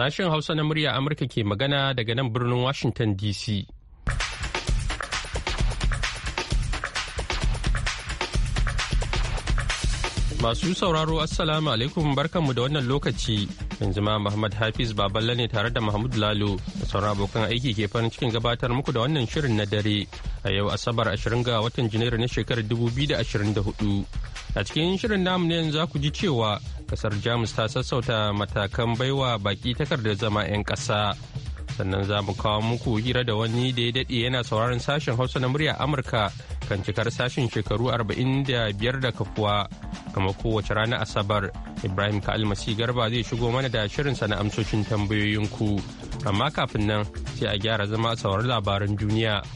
Sashen Hausa na murya Amurka ke magana daga nan birnin Washington DC. Masu sauraro Assalamu alaikum barkanmu da wannan lokaci. Yanzu ma Muhammad Hafiz Baballe ne tare da Mahmud Lalo da sauran abokan aiki ke farin cikin gabatar muku da wannan shirin na dare a yau Asabar 20 ga watan Janairu na shekarar 2024. a cikin shirin namu ne za ku ji cewa kasar jamus ta sassauta matakan baiwa baki takardar zama 'yan ƙasa sannan za mu kawo muku hira da wani da ya daɗe yana sauraron sashen hausa na murya amurka kan cikar sashen shekaru 45 da kafuwa kama kowace rana asabar ibrahim kalmasi garba zai shigo mana da shirinsa na amsoshin tambayoyinku amma kafin nan sai a gyara zama a sauran labaran duniya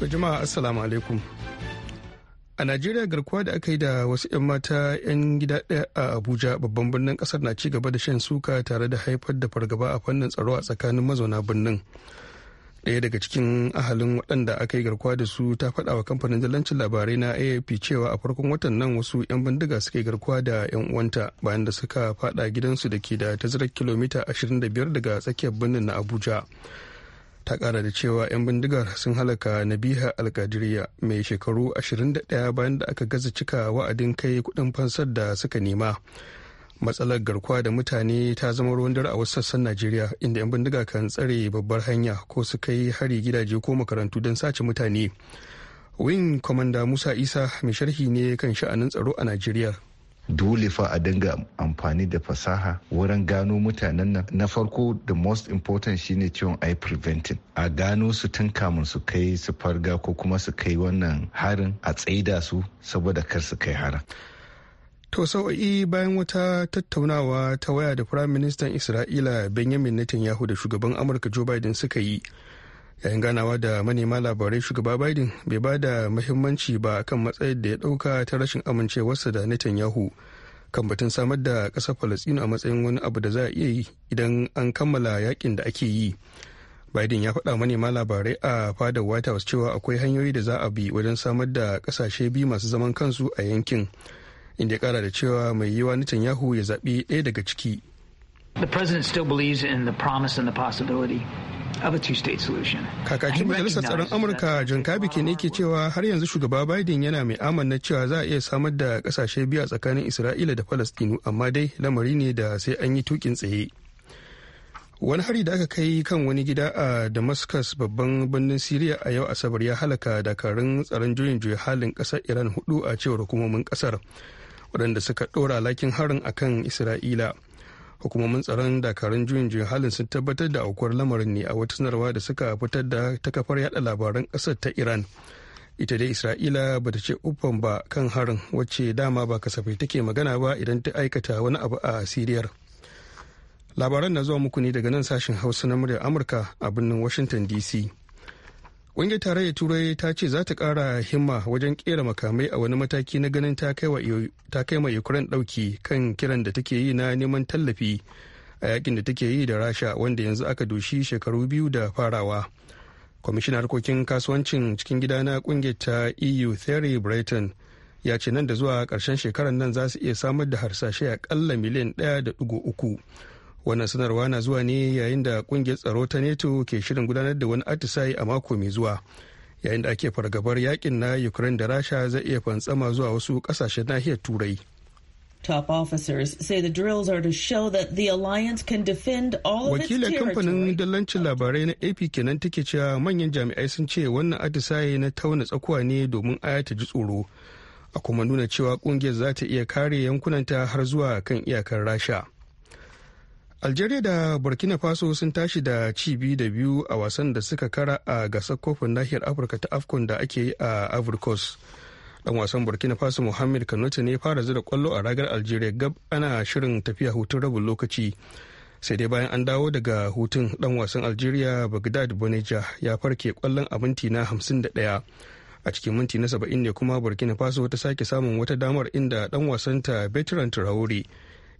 To jama'a assalamu alaikum. A Najeriya garkuwa da aka yi da wasu 'yan mata 'yan gida ɗaya a Abuja babban birnin ƙasar na ci gaba da shan suka tare da haifar da fargaba a fannin tsaro a tsakanin mazauna birnin. Ɗaya daga cikin ahalin waɗanda aka yi garkuwa da su ta faɗa wa kamfanin dalancin labarai na AFP cewa a farkon watan nan wasu 'yan bindiga suka yi garkuwa da 'yan uwanta bayan da suka faɗa gidansu da ke da tazarar kilomita 25 daga tsakiyar birnin na Abuja. ta kara da cewa 'yan bindigar sun halaka nabiha alkadiriya mai shekaru 21 bayan da aka gaza cika wa'adin kai kudin fansar da suka nema matsalar garkuwa da mutane ta zama ruwan dare a wasu sassan najeriya inda 'yan bindiga kan tsare babbar hanya ko su kai hari gidaje ko makarantu don sace mutane wing commander musa isa mai sharhi ne kan sha'anin tsaro a najeriya dole fa a dinga amfani da fasaha wurin gano mutanen nan na farko the most important shine ciwon ayi preventing a gano su tun kamun su kai su farga ko kuma su kai wannan harin a tsaida su saboda kar su kai harin To sau'i bayan wata tattaunawa ta waya da Firayim Ministan Isra'ila Benjamin Netanyahu da shugaban Amurka Joe Biden suka yi yayin ganawa da manema labarai shugaba biden bai ba da mahimmanci ba kan matsayin da ya dauka ta rashin amincewarsa da netanyahu kan batun samar da ƙasar falastinu a matsayin wani abu da za a iya yi idan an kammala yakin da ake yi biden ya faɗa manema labarai a fadar white house cewa akwai hanyoyi da za a bi wajen samar da kasashe biyu masu zaman kansu a yankin inda ya kara da cewa mai yiwa netanyahu ya zaɓi ɗaya daga ciki The president still believes in the Kakakin Majalisar Tsaron Amurka John Kirby ne ke cewa har yanzu shugaba Biden yana mai amanna cewa za a iya samar da kasashe a tsakanin Isra'ila da Falastinu amma dai lamari ne da sai an yi tukin tsaye. Wani hari da aka kai kan wani gida a Damascus babban birnin syria a yau Asabar ya halaka dakarun tsaron juyin juya halin kasar Iran hudu a cewar hukumomin kasar waɗanda suka ɗora lakin harin akan Isra'ila. hukumomin tsaron dakarun juyin juyin halin sun tabbatar da aukuwar lamarin ne a wata sanarwa da suka fitar da ta kafar yada labaran ƙasar ta iran ita dai isra'ila bata ce uffan ba kan harin wacce dama ba kasafai take magana ba idan ta aikata wani abu a siriyar labaran na zuwa muku ne daga nan sashen hausa na muryar amurka a birnin washington dc ƙungiyar tarayyar turai ta ce za ta ƙara himma wajen ƙera makamai a wani mataki na ganin ta kai ma ukraine ɗauki kan kiran da take yi na neman tallafi a yakin da take yi da rasha wanda yanzu aka doshi shekaru biyu da farawa kwamishin harkokin kasuwancin cikin gida na ƙungiyar ta eu theory breton ya ce nan da zuwa ƙarshen shekarar nan za su iya samar da harsashe ƙalla miliyan uku. wannan sanarwa na zuwa ne yayin da kungiyar tsaro ta neto ke shirin gudanar da wani atisaye a mako mai zuwa yayin da ake fargabar yakin na ukraine da rasha zai iya fantsama zuwa wasu kasashen nahiyar turai Top officers say the drills are to show that the alliance can defend all of its kamfanin dallancin labarai na AP kenan take cewa manyan jami'ai sun ce wannan atisaye na tauna tsakuwa ne domin aya ta ji tsoro. A kuma nuna cewa kungiyar za ta iya kare yankunanta har zuwa kan iyakar Rasha. algeria da burkina faso sun tashi da ci biyu da biyu a wasan da suka kara a gasar kofin nahiyar afirka ta afcon da ake yi a avirkos dan wasan burkina faso muhammad kanote ne fara zira kwallo a ragar algeria gab ana shirin tafiya hutun rabin lokaci sai dai bayan an dawo daga hutun dan wasan algeria bagdad boneja ya farke kwallon a minti na ɗaya a cikin minti na saba'in ne kuma burkina faso ta sake samun wata damar inda dan wasanta veteran traore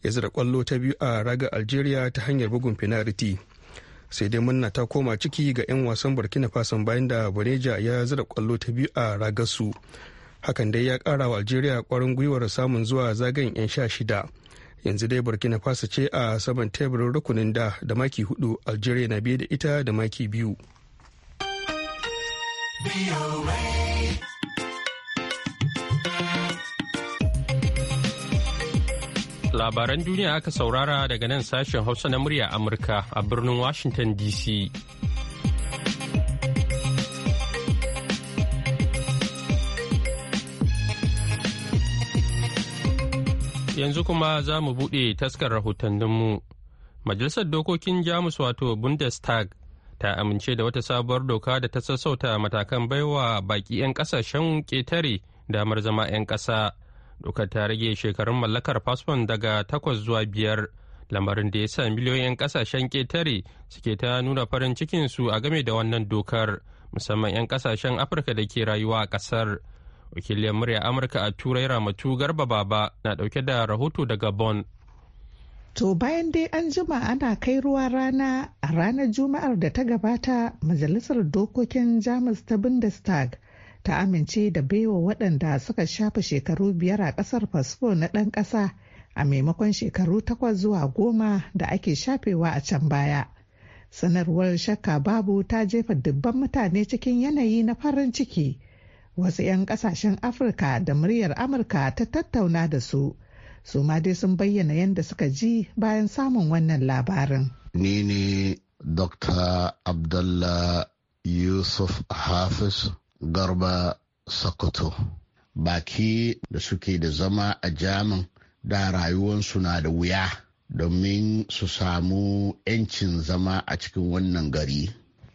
ya zira kwallo ta biyu a raga algeria ta hanyar bugun finariti sai dai murna ta koma ciki ga 'yan wasan burkina faso bayan da bareja ya zira kwallo ta biyu a ragarsu hakan dai ya kara wa algeria kwarin gwiwar samun zuwa zagayen 'yan sha shida yanzu dai burkina faso ce a saman teburin rukunin da da maki hudu algeria na biye da ita da maki biyu. Labaran duniya aka saurara daga nan sashen Hausa na murya Amurka a birnin Washington DC. Yanzu kuma za mu buɗe taskar rahotanninmu. Majalisar Dokokin Jamus wato Bundestag ta amince da wata sabuwar doka da ta sassauta matakan baiwa baƙi 'yan ƙasashen ƙetare damar zama 'yan ƙasa dokar ta rage shekarun mallakar fasfon daga takwas zuwa biyar lamarin da ya sa miliyoyin kasashen ketare suke ta nuna farin cikinsu a game da wannan dokar musamman 'yan kasashen afirka da ke rayuwa a kasar wakilin murya amurka a turai ramatu garba baba na dauke da rahoto daga bon To bayan dai an jima ana kai ruwa rana a ranar Juma'ar da ta gabata Majalisar Dokokin Jamus ta Bundestag ta amince da baiwa waɗanda suka shafa shekaru biyar a ƙasar fasfo na ɗan ƙasa a maimakon shekaru takwas zuwa goma da ake shafewa a can baya. Sanarwar shakka babu ta jefa dubban mutane cikin yanayi na farin ciki. Wasu 'yan ƙasashen Afirka da muryar Amurka ta tattauna da su. Su ma dai sun bayyana yadda suka ji bayan samun wannan labarin. Ni ne Dr. Abdullah Yusuf Hafiz garba sokoto baki da suke da zama a jamin da rayuwansu na da wuya domin su samu 'yancin zama a cikin wannan gari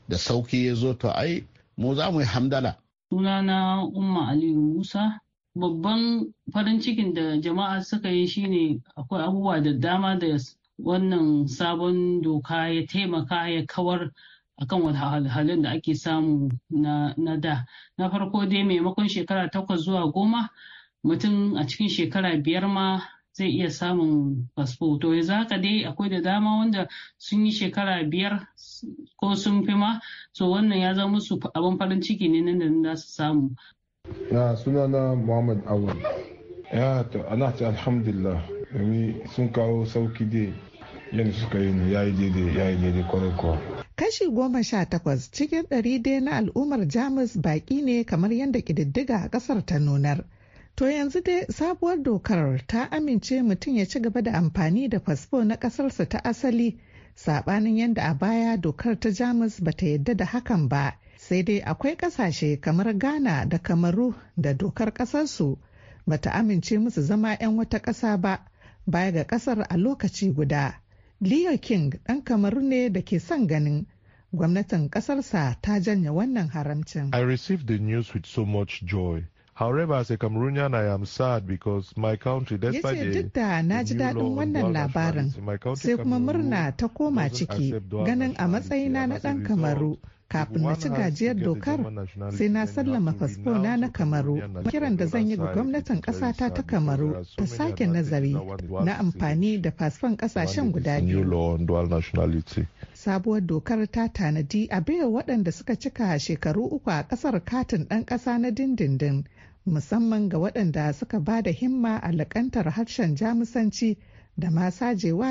da sauki ya zo to ai mu za mu yi hamdala sunana umma aliyu musa babban farin cikin da jama'a suka yi shine akwai abubuwa da dama da wannan sabon doka ya taimaka ya kawar akan wahalhalun da ake samu na da na farko dai maimakon shekara takwas zuwa goma mutum a cikin shekara biyar ma zai iya samun fasfo to yanzu haka dai akwai da dama wanda sun yi shekara biyar ko sun fi ma so wannan ya zama su abin farin ciki ne nan da su samu na na muhammad awal ya to ana ta alhamdulillah domin sun kawo sauki dai yadda suka yi ne ya yi daidai ya yi daidai kwarai kuwa kashi goma sha takwas cikin ɗari dai na al'ummar jamus baƙi ne kamar yadda ƙididdiga a ƙasar ta nunar to yanzu dai sabuwar dokar ta amince mutum ya ci gaba da amfani da fasfo na ƙasarsa ta asali saɓanin yadda a baya dokar ta jamus ba ta yadda da hakan ba sai dai akwai ƙasashe kamar ghana da kamaru da dokar ƙasarsu ba ta amince musu zama 'yan wata ƙasa ba baya ga ƙasar a lokaci guda Leo King ɗan kamaru ne da ke son ganin gwamnatin ƙasarsa ta janye wannan haramcin. I received the news with so much joy. However, as a Cameroonian, I am sad because my country, despite the duk da na ji daɗin wannan labarin, sai kuma murna ta koma ciki ganin a matsayina na ɗan Kamaru kafin na ci gajiyar dokar sai na sallama fasfo na na kamaru kiran da zan yi ga gwamnatin ƙasata ta kamaru ta sake nazari na amfani da fasfon ƙasashen guda biyu sabuwar dokar ta tanadi a baiwa waɗanda suka cika shekaru uku a ƙasar katin ɗan ƙasa na dindindin musamman ga waɗanda suka ba da himma a harshen jamusanci da ma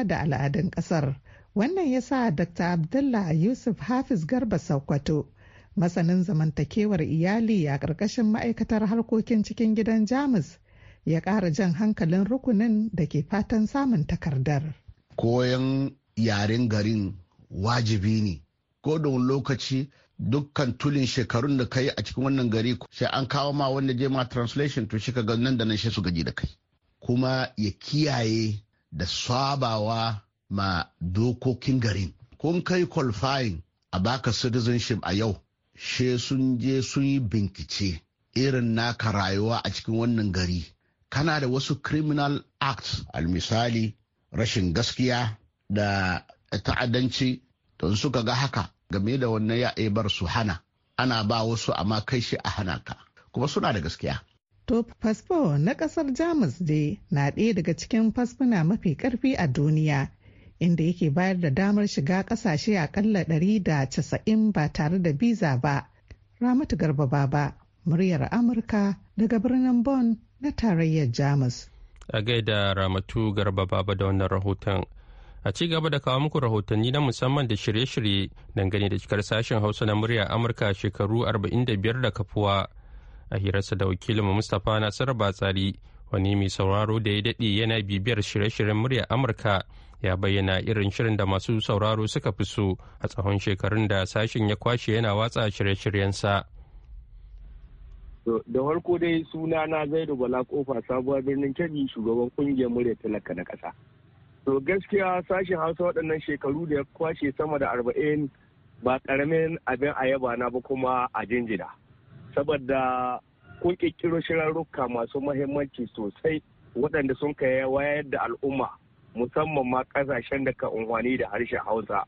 da al'adun ƙasar. Wannan ya sa Dr. Abdullah Yusuf Hafiz Garba Sokoto, masanin zamantakewar iyali a ƙarƙashin ma'aikatar harkokin cikin gidan Jamus, ya ƙara jan hankalin rukunin da ke fatan samun takardar. Koyon yaren garin wajibi ne, ko da lokaci dukkan tulin shekarun da kai a cikin wannan gari sai an kawo ma wanda je ma translation to shika ga nan da nan shi su gaji da kai kuma ya kiyaye da sabawa ma dokokin garin kun kai kwalfayin a baka citizenship a yau she sun je sun yi bincike irin naka rayuwa a cikin wannan gari kana da wasu criminal acts misali rashin gaskiya da ta'addanci don suka ga haka game da wannan ya bar su hana ana ba wasu amma kai shi a hana ka kuma suna da gaskiya to fasfo na ƙasar jamus dai na ɗaya daga cikin fasfuna mafi ƙarfi a duniya inda yake bayar da damar shiga kasashe akalla 190 ba tare da biza ba. Ramatu Garba Baba, muryar Amurka daga birnin Bonn na tarayyar Jamus. A gaida Ramatu Garba Baba da wannan rahoton. A ci gaba da kawo muku rahotanni na musamman da shirye-shirye dangane da cikar sashen Hausa na muryar Amurka shekaru 45 da kafuwa. A hirarsa da wakilinmu Mustapha Nasir Batsari, wani mai sauraro da ya daɗe yana bibiyar shirye-shiryen muryar Amurka ya bayyana irin shirin da masu sauraro suka fi so a tsawon shekarun da sashen ya kwashe yana watsa shirye shiryen sa. da farko dai suna na zaidu bala kofa sabuwar birnin kebbi shugaban kungiyar murya talaka na kasa to gaskiya sashen hausa waɗannan shekaru da ya kwashe sama da arba'in ba ƙaramin abin ayaba na ba kuma a jinjina saboda kun ƙirƙiro shirarruka masu mahimmanci sosai waɗanda sun kai wayar da al'umma musamman ma kasashen da ka unhwani da harshen hausa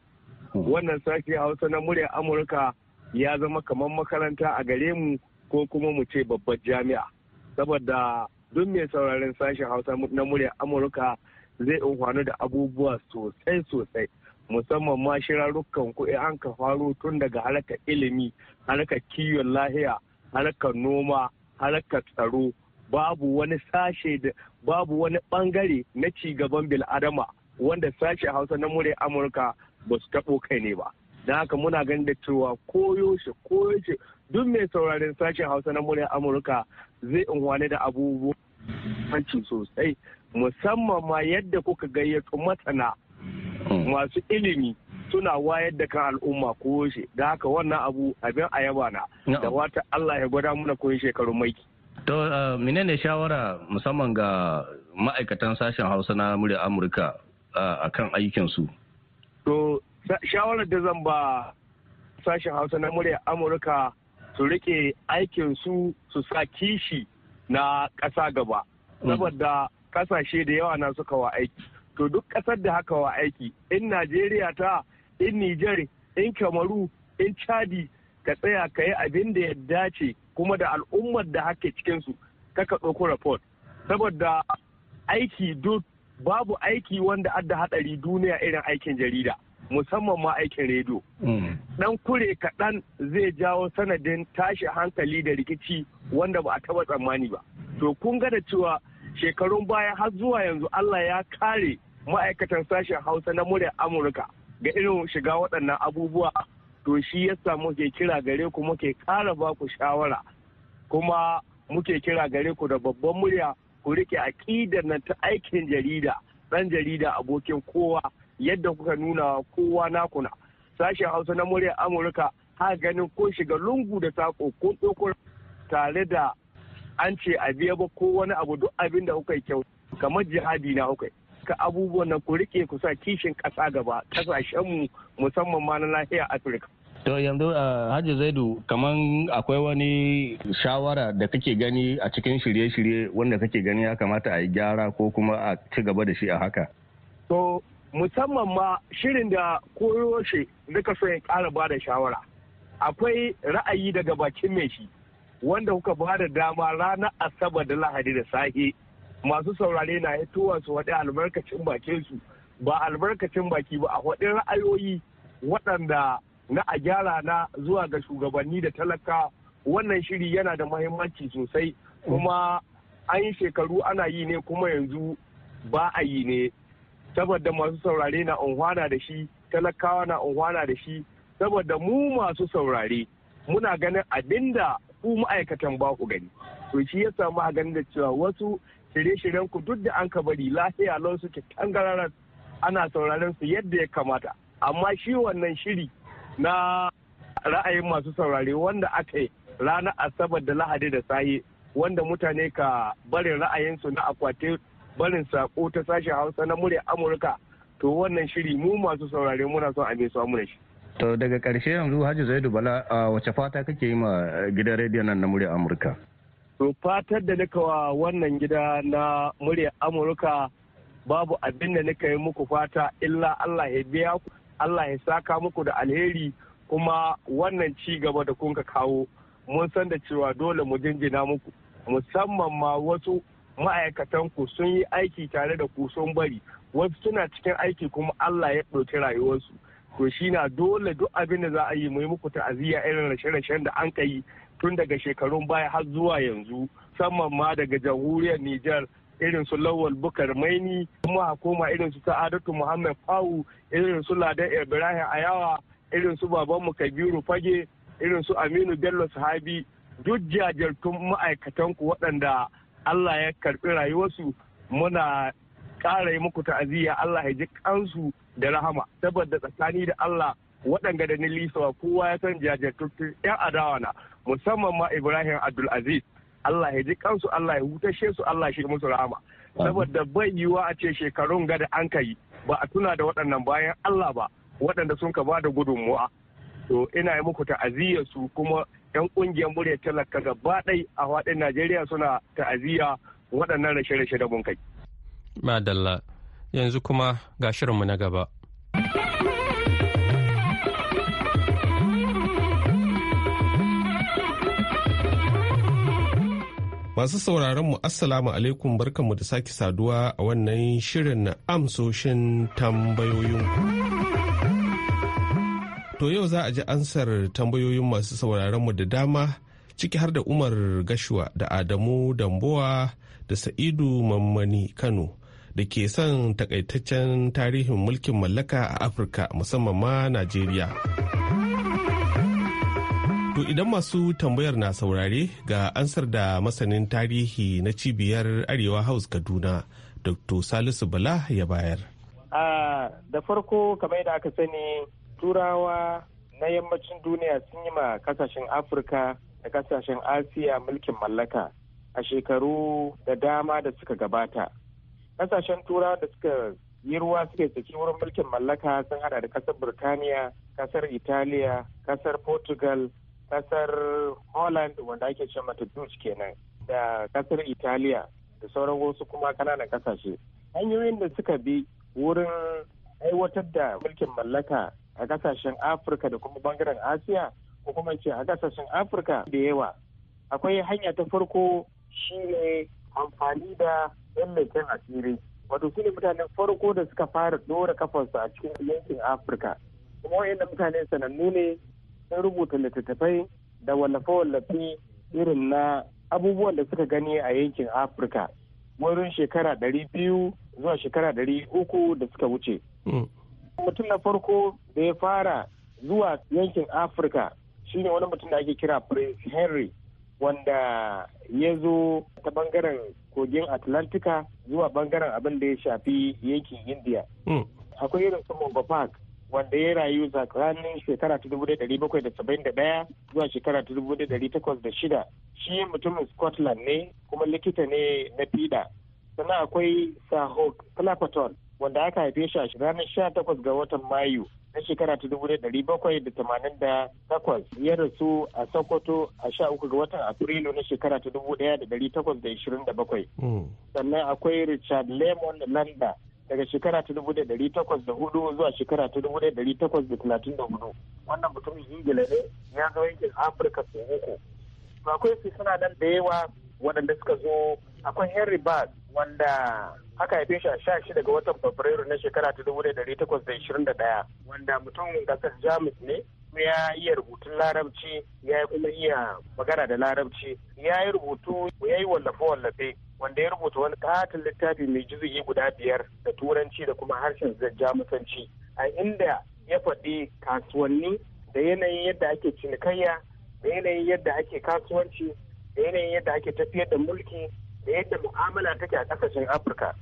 hmm. wannan sashi hausa na muryar amurka ya zama kamar makaranta a gare mu ko kuma mu ce babbar jami'a saboda duk mai sauraron sashen hausa na muryar amurka zai unhwani da abubuwa sosai sosai musamman ma shirarrukan kuɗi an ka faro tun daga harkar ilimi harkar kiwon lahiya harkar noma harkar tsaro babu wani sashe da babu wani bangare na cigaban bil'adama wanda sashe hausa na mure amurka ba su taɓo kai ne ba don haka muna ganin da cewa koyo shi duk mai sauraren sashe hausa na murya amurka zai unwane da abubuwan sosai musamman ma yadda kuka gayyato matsana mm. masu ilimi suna wayar da kan al'umma shi da haka wannan abu abin ayaba na da wata allah ya gwada muna koyi shekarun maiki To uh, menene shawara musamman ga ma'aikatan sashen Hausa na murya Amurka uh, a kan aikinsu? To shawarar da zan ba sashen Hausa na murya Amurka su rike aikinsu su sa kishi na ƙasa gaba. Mm. Saboda ƙasashe da yawa na suka wa aiki. To duk ƙasar da haka wa aiki, in Najeriya ta, in Nijar, in Kamaru, in Chadi, ka tsaya ka yi abin da ya dace kuma da al'ummar da hake cikinsu kaka ɗauko report saboda aiki duk babu aiki wanda adda haɗari duniya irin aikin jarida musamman ma aikin rediyo mm. ɗan kure kaɗan zai jawo sanadin tashi hankali da rikici wanda ba a taɓa tsammani ba to kun ga da cewa shekarun baya har zuwa yanzu allah ya kare ma'aikatan sashen hausa na murya amurka ga irin shiga waɗannan abubuwa to shi yasa muke kira gare ku muke kara ba ku shawara kuma muke kira gare ku da babban murya ku rike aƙidar nan ta aikin jarida ɗan jarida abokin kowa yadda kuka nuna kowa nakuna sashen hausa na murya amurka ha ganin ko shiga lungu da sako ko ɗaukar tare da an ce a biya ba ko wani abu duk abin da kuka yi kyau kamar jihadi na kuka ka abubuwan nan ku rike ku sa kishin ƙasa gaba ƙasashenmu musamman ma na nahiyar afirka To yanzu uh, Hajji Zaidu kamar akwai wani shawara da kake gani a cikin shirye-shirye wanda kake gani ya kamata a yi gyara ko kuma a ci gaba da shi a haka. To musamman ma shirin da koyaushe duka so ya ƙara ba da shawara. Akwai ra'ayi daga bakin mai shi wanda kuka ba da dama ranar Asabar da Lahadi da sake masu saurare na hitowa su waɗi albarkacin bakin su ba albarkacin baki ba a waɗin ra'ayoyi waɗanda na a gyara na zuwa ga shugabanni da talaka wannan shiri yana da mahimmanci sosai kuma an yi shekaru ana yi ne kuma yanzu ba a yi ne saboda masu saurare na unhwana da shi talakawa na unhwana da shi saboda mu masu saurare muna ganin abinda ku ma'aikatan ba ku gani to shi ya samu a ganin da cewa wasu shirye-shiryen ku duk da an ka bari lafiya lau suke tangararar ana sauraren su yadda ya kamata amma shi wannan shiri na ra'ayin masu saurare wanda aka yi ranar asabar da lahadi da sahi wanda mutane ka barin ra'ayinsu na akwati barin sako ta sashen hausa na murya amurka to wannan shiri mu masu saurare muna son a su amurka shi to daga karshe yanzu hajji zaidu bala a wace fata kake yi ma gidan rediyon nan na murya amurka to fatar da nika wa wannan gida na murya amurka babu abin da nika yi muku fata illa allah ya biya ku Allah ya saka muku da alheri kuma wannan ci gaba da kunka kawo mun san da cewa dole mu jinjina muku musamman ma wasu ma'aikatanku sun yi aiki tare da ku sun bari wasu suna cikin aiki kuma Allah ya ɗauki rayuwarsu to shi na dole duk abin da za a yi mai muku ta'aziyya irin rashe-rashen da an ka yi tun daga shekarun baya har zuwa yanzu musamman ma daga jamhuriyar Nijar irin su lawal bukar maini kuma a koma irin su sa'adatu muhammad fawu irin su ladan ibrahim ayawa irin su babanmu kabiru fage irin su aminu bello sahabi duk jajirtun ma'aikatanku waɗanda allah ya karɓi rayuwarsu muna ƙara yi muku ta'aziyya allah ya ji kansu da rahama saboda tsakani da allah waɗanda da ni kowa ya san jajirtun 'yan adawa na musamman ma ibrahim abdulaziz Allah ya ji kansu Allah ya hutashe su Allah shi musu rahama saboda bai yiwa a ce shekarun gada an kai ba a tuna da waɗannan bayan Allah ba waɗanda sun ka bada gudunmuwa to ina yi muku ta'aziyya su kuma yan ƙungiyar murya talaka gaba ɗai a faɗin Najeriya suna ta'aziyya waɗannan rashe-rashe da mun kai. Madalla yanzu kuma ga shirinmu na gaba. Masu sauraron mu Assalamu alaikum barkanmu da sake saduwa a wannan shirin na amsoshin tambayoyinku. To yau za a ji ansar tambayoyin masu sauraron mu da dama ciki har da Umar Gashuwa da Adamu Damboa da Sa'idu Mammani Kano da ke son takaitaccen tarihin mulkin mallaka a Afirka musamman ma Najeriya. To idan masu tambayar na saurare ga ansar da masanin tarihi na cibiyar Arewa House Kaduna, Dr. Salisu Bala ya bayar. Da farko kamar yadda aka sani turawa na yammacin duniya sun yi ma kasashen Afirka da kasashen Asiya mulkin mallaka a shekaru da dama da suka gabata. Kasashen turawa da suka yi ruwa suke saki wurin mulkin mallaka sun hada da kasar Burtaniya kasar Italiya, kasar Portugal, kasar holland wanda ake ce mata dutch kenan da kasar italiya da sauran wasu kuma kananan kasashe hanyoyin da suka bi wurin aiwatar da mulkin mallaka a kasashen afirka da kuma bangaren asiya ko kuma ce a kasashen afirka da yawa akwai hanya ta farko shine amfani da yan asiri wato su ne mutanen farko da suka fara dora kafarsu a cikin yankin afirka kuma wa'in mutane sanannu ne sun rubuta littattafai da wallafe-wallafe irin na abubuwan da suka gani a yankin afirka wurin shekara ɗari biyu zuwa shekara ɗari uku da suka wuce hmm. mutum na farko da ya fara zuwa yankin afirka shine wani mutum da ake kira prince henry wanda ya zo ta bangaren kogin atlantika zuwa bangaren abin da ya shafi yankin india hmm. akwai irin su park wanda ya rayu tsakanin shekara ta dubu ɗari bakwai da saba'in da ɗaya zuwa shekara ta dubu ɗari takwas da shida shi mutumin scotland ne kuma likita ne na fida sannan akwai sahok clapperton wanda aka haife shi a ranar sha takwas ga watan mayu na shekara ta dubu da dari bakwai da tamanin da takwas ya rasu a sokoto a sha uku ga watan afrilu na shekara ta dubu daya da dari takwas da ishirin da bakwai hmm. sannan akwai richard lemon landa daga shekara ta dubu da dari takwas da hudu zuwa shekara ta dubu da dari takwas da talatin da hudu wannan mutumin ingila ne ya zo yankin afirka sau uku to akwai su suna nan da yawa waɗanda suka zo akwai henry bass wanda aka haife shi a sha shida ga watan fabrairu na shekara ta dubu da dari takwas da ishirin da ɗaya wanda mutum kasar jamus ne kuma ya iya rubutun larabci ya kuma iya magana da larabci ya yi rubutu ya yi wallafe-wallafe wanda ya rubuta wani katin littafi mai jizgi guda biyar da turanci da kuma harshen jamusanci a inda ya faɗi kasuwanni da yanayin yadda ake cinikayya da yanayin yadda ake kasuwanci da yanayin yadda ake tafiyar da mulki da yadda mu'amala take a ƙasashen afirka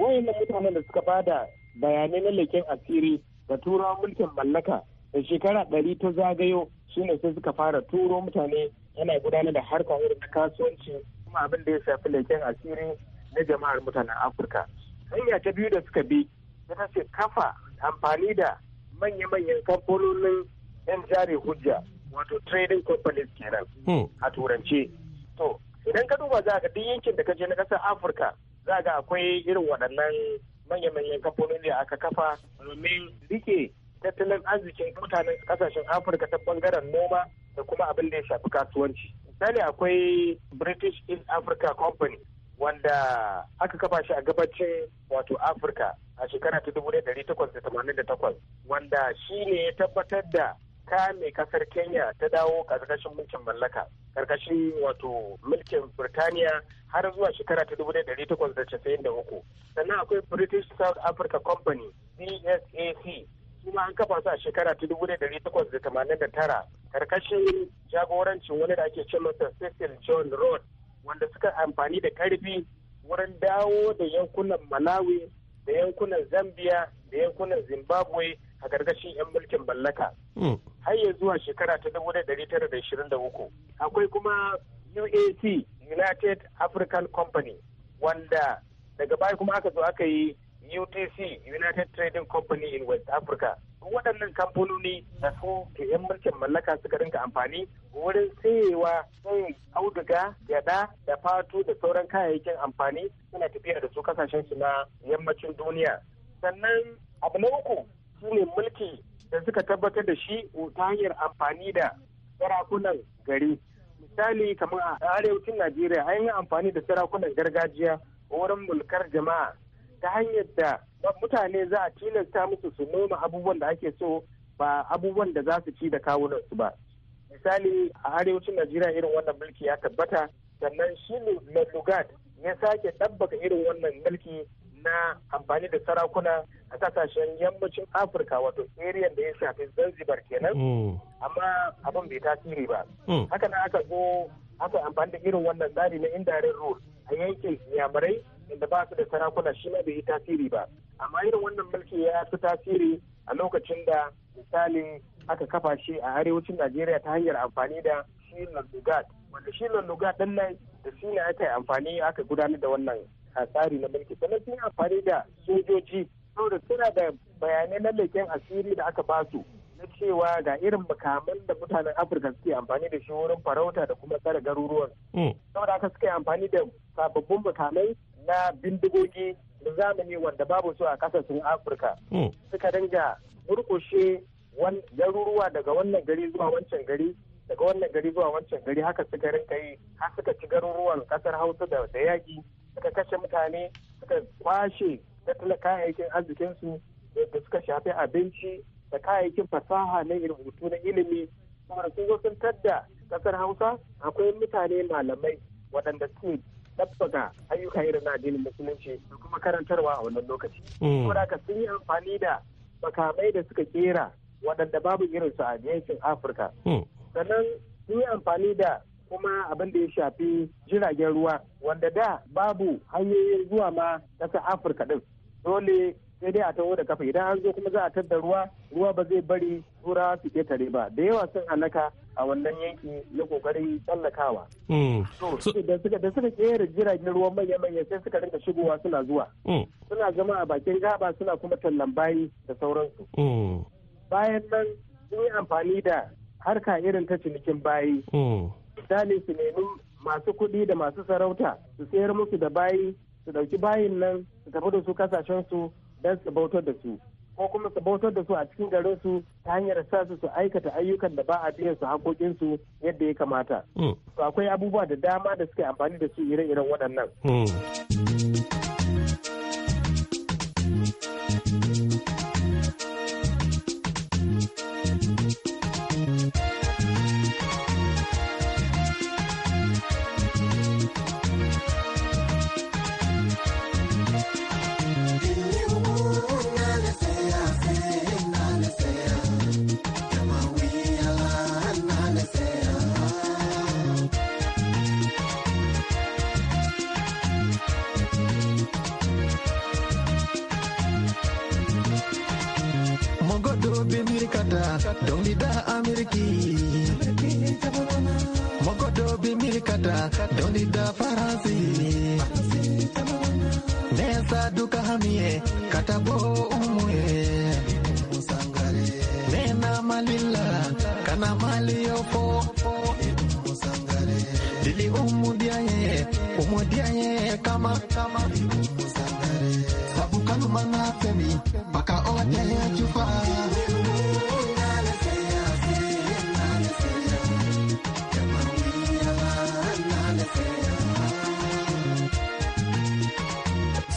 wayannan mutanen da suka bada bayanai na leken asiri ga turawan mulkin mallaka da shekara ɗari ta zagayo shine sai suka fara turo mutane yana gudanar da harkar irin na kasuwanci kuma abin da ya shafi leken asiri na jama'ar mutanen afirka hanya ta biyu da suka bi ta ce kafa amfani da manya-manyan kamfanonin yan jari hujja wato trading companies kenan hmm. a turance to idan ka duba za ka duk yankin da ka je na ƙasar afirka za ga akwai irin waɗannan manya-manyan kamfanonin da aka kafa domin rike tattalin arzikin mutanen kasashen afirka ta bangaren noma da kuma abin da ya shafi kasuwanci misali akwai british east africa company wanda aka kafa shi a gabacin wato afirka a shekara ta dubu takwas. wanda shi ne ya tabbatar da kame kasar kenya ta dawo karkashin mulkin mallaka karkashin wato mulkin birtaniya har zuwa shekara ta dubu da uku sannan akwai british south africa company bsac kuma an kafa su a shekara ta dubu ɗari takwas da tamanin da tara karkashin jagorancin wani da ake ce masa Cecil John Road wanda suka amfani da karfi wurin dawo da yankunan Malawi da yankunan Zambia da yankunan Zimbabwe a ƙarƙashin 'yan mulkin mallaka. Hmm. Har ya zuwa shekara ta dubu ɗari tara da ishirin da uku. Akwai kuma UAC United African Company wanda daga baya kuma aka zo aka yi UTC United Trading Company in West Africa waɗannan kamfanoni da su ke 'yan mulkin mallaka suka rinka amfani wurin sayewa sai auduga gyada da fatu da sauran kayayyakin amfani suna tafiya da su kasashen su na yammacin duniya sannan abu na uku ne mulki da suka tabbatar da shi ta hanyar amfani da sarakunan gari misali kamar a arewacin najeriya an yi amfani da sarakunan gargajiya wurin mulkar jama'a ta hanyar da mutane za a tilasta musu su noma abubuwan da ake so ba abubuwan da za su ci da kawunansu ba misali a arewacin najeriya irin wannan mulki ya tabbata sannan shi lugat ya sake ɗabbaka irin wannan mulki na amfani da sarakuna a kasashen yammacin afirka wato ariyan da ya shafi zanzibar kenan mm. amma abin bai tasiri ba mm. haka na aka zo aka amfani da irin wannan tsari na indirect rule a yankin yamurai inda ba su da sarakuna shi ma bai yi tasiri ba amma irin wannan mulki ya fi tasiri a lokacin da misali aka kafa shi a arewacin najeriya ta hanyar amfani da shi lallugat wanda shi lallugat din nan da shi ne aka yi amfani aka gudanar da wannan tsari na mulki sannan sun amfani da sojoji saboda suna da bayanai na leken asiri da aka basu na cewa ga irin makaman da mutanen afirka suke amfani da shi wurin farauta da kuma tsare garuruwan hmm. saboda haka yi amfani da sababbin makamai na bindigogi na zamani wanda babu su a kasashen afirka hmm. suka dinga murkushe yaruruwa daga wannan gari zuwa wancan gari daga wannan gari zuwa wancan gari haka suka rinka yi har suka ci garuruwan kasar hausa da yaƙi suka kashe mutane suka kwashe tattala kayayyakin arzikinsu da suka shafi abinci da kayayyakin fasaha na rubutu na ilimi saboda sun zo sun tadda kasar hausa akwai mutane malamai waɗanda suke ɗabbaka ayyuka irin na addinin musulunci da kuma karantarwa a wannan lokaci. Mm. Saboda sun yi amfani da makamai da suka kera waɗanda babu irinsu a yankin Afirka. Mm. Sannan sun yi amfani da kuma abin da ya shafi jiragen ruwa wanda da babu hanyoyin zuwa ma ƙasar Afirka ɗin. Dole sai dai a taho da kafa idan an zo kuma za a tadda ruwa ruwa ba zai bari tura su ketare ba da yawa sun halaka a wannan yanki na kokarin tsallakawa. Mm. Da suka kera jiragen ruwan manya-manya sai suka rinka shigowa suna zuwa. Mm. Suna zama a bakin gaba suna kuma tallan bayi da sauransu. Mm. Bayan nan sun yi amfani da harka irin ta cinikin bayi. Misali su nemi masu kuɗi da masu sarauta su sayar musu da bayi su ɗauki bayin nan su tafi da su su don su bautar da su ko kuma su bautar da su a cikin garin su ta hanyar sa su su aikata ayyukan da ba a biyan su hakokin su yadda ya kamata. Hmm. To akwai abubuwa da dama da suke amfani da su ire-iren waɗannan. Hmm. doni da Faransi, nesa dukahamie katabo umwe nena malila kana mali yopo dili umudiaye umudiaye kama kama sabu kanumana femi baka ote ya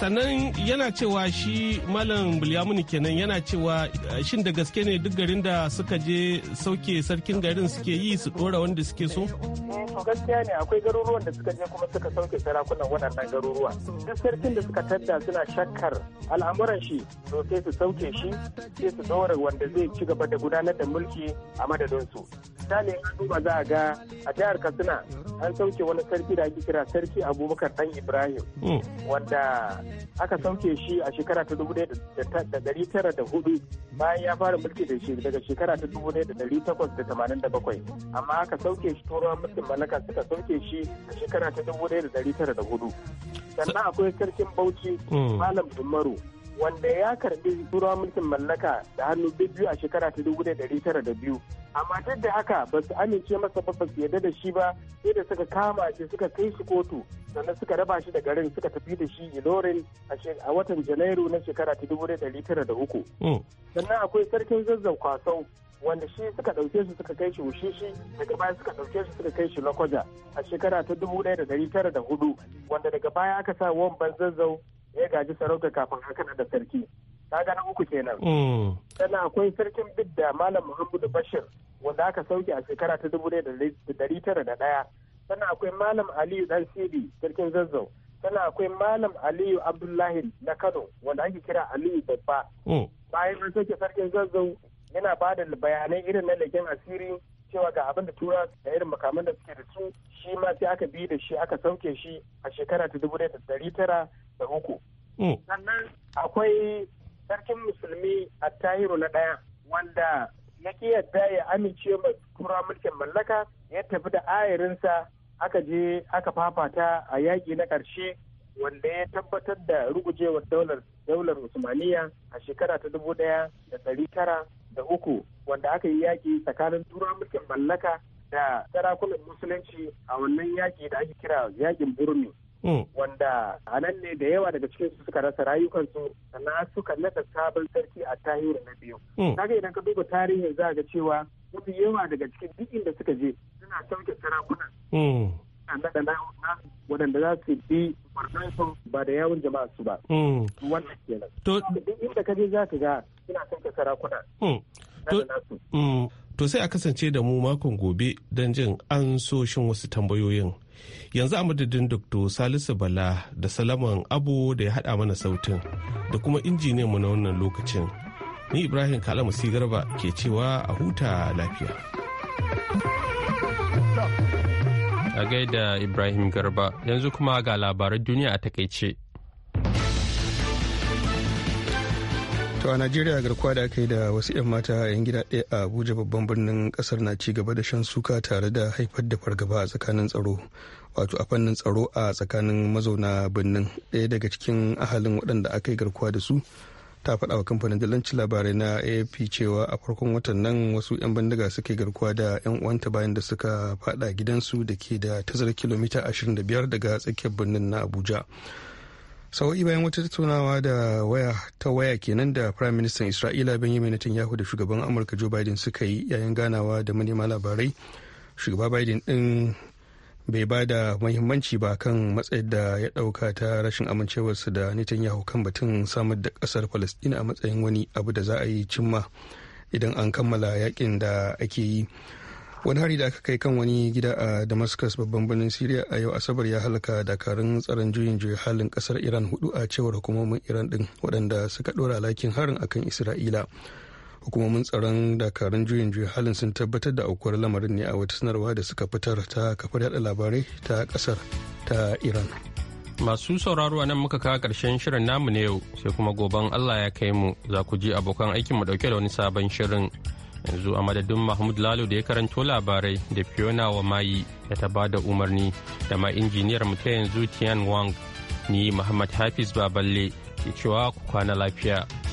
sannan yana cewa shi malam bulyamuni kenan yana cewa eh, shin da gaske ne duk garin da suka je sauke sarkin garin suke yi su dora wanda suke so eh, gaskiya ne akwai garuruwan da suka je kuma suka sauke sarakunan waɗannan garuruwa duk sarkin da suka tadda suna shakkar al'amuran shi to sai su sauke shi sai su dora wanda zai ci gaba da gudanar da mulki a su misali a duba za a ga a jihar katsina an sauke wani sarki da ake kira sarki abubakar dan ibrahim hmm. wanda aka sauke shi a shekara ta dubu da dari tara da hudu bayan ya fara mulki da shi daga shekara ta dubu da dari takwas da tamanin da bakwai amma aka sauke shi turawa mulkin mallaka suka sauke shi a shekara ta dubu da dari tara da hudu sannan akwai sarkin bauchi mm. malam dumaru wanda ya karbi turawa mulkin mallaka da hannu biyu a shekara ta dubu da dari tara da biyu amma duk da haka ba su amince masa ba ba su yarda da shi ba sai da suka kama shi suka kai shi kotu sannan suka raba shi da garin suka tafi da shi ilorin a watan janairu na shekara ta dubu da dari tara da uku hmm. sannan akwai sarkin zazzau kwasau wanda shi suka ɗauke shi suka kai shi ushishi daga baya suka ɗauke shi suka kai shi lakwaja a shekara ta dubu ɗaya da dari tara da hudu wanda daga baya aka sa wamban zazzau ya gaji sarauta kafin haka da sarki kaga na uku kenan mm. sannan akwai sarkin bidda malam muhammadu bashir wanda aka sauke a shekara ta dubu da dari tara da ɗaya sannan akwai malam aliyu dan sidi sarkin zazzau sannan akwai malam aliyu abdullahi na kano wanda ake kira aliyu babba mm. bayan an sauke sarkin zazzau yana ba da bayanai irin na leken asiri cewa ga abin da tura da irin makaman da suke da su shi ma sai aka bi da shi aka sauke shi a shekara ta dubu da dari tara da uku mm. sannan akwai sarkin musulmi a tahiru na ɗaya wanda ya ki yadda ya amince ma tura mulkin mallaka ya tafi da ayarinsa aka je aka fafata a yaƙi na ƙarshe wanda ya tabbatar da rugujewar daular daular usmaniya a shekara ta dubu ɗaya da ɗari tara da uku wanda aka yi yaƙi tsakanin tura mulkin mallaka da sarakunan musulunci a wannan yaƙi da ake kira yaƙin burmi Mm. wanda a nan ne da yawa daga cikinsu suka rasa rayukansu na suka nasa sabon sarki a tahiru na biyu mm. kaga idan ka duba tarihin za ga cewa wasu yawa daga cikin duk inda suka je suna sauke sarakunan mm. waɗanda za su bi kwarnansu ba da yawun jama'a su ba wannan kenan duk inda ka je za ka ga suna sauke sarakuna to sai a kasance da mu makon gobe don jin an shin wasu tambayoyin yanzu a madadin dr salisu bala da salaman abu da ya haɗa mana sautin da kuma injiniyan mu na wannan lokacin ni ibrahim kalamu garba ke cewa a huta lafiya a gaida ibrahim garba yanzu kuma ga labaran duniya a takaice To a Najeriya garkuwa da aka yi da wasu 'yan mata yan gida ɗaya a Abuja babban birnin kasar na ci gaba da shan suka tare da haifar da fargaba a tsakanin tsaro. Wato a fannin tsaro a tsakanin mazauna birnin ɗaya daga cikin ahalin waɗanda aka yi garkuwa da su ta faɗa wa kamfanin dalanci labarai na AFP cewa a farkon watan nan wasu 'yan bindiga suke garkuwa da 'yan uwanta bayan da suka faɗa gidansu da ke da tazarar kilomita 25 daga tsakiyar birnin na Abuja. sau'i bayan wata tattaunawa da waya ta waya kenan da prime minister isra'ila benjamin netanyahu da shugaban amurka joe biden suka yi yayin ganawa da manema labarai shugaba biden din bai ba da mahimmanci ba kan matsayin da ya dauka ta rashin amincewarsa da netanyahu kan batun samar da kasar palestina a matsayin wani abu da za a yi cimma idan an kammala yakin da ake yi wani hari da aka kai kan wani gida a damascus babban birnin syria a yau asabar ya halaka dakarun tsaron juyin juya halin kasar iran hudu a cewar hukumomin iran din waɗanda suka ɗora alakin harin akan isra'ila hukumomin tsaron dakarun juyin juya halin sun tabbatar da aukuwar lamarin ne a wata sanarwa da suka fitar ta kafar yada labarai ta kasar ta iran masu sauraro nan muka kawo karshen shirin namu ne yau sai kuma goben allah ya kai mu za ku ji abokan aikinmu dauke da wani sabon shirin yanzu a madadin mahmud lalo da ya karanto labarai da fiona wa mayi da ta da umarni da ma injiniyar mu ta yanzu tian wang ni muhammad hafiz baballe ke cewa ku kwana lafiya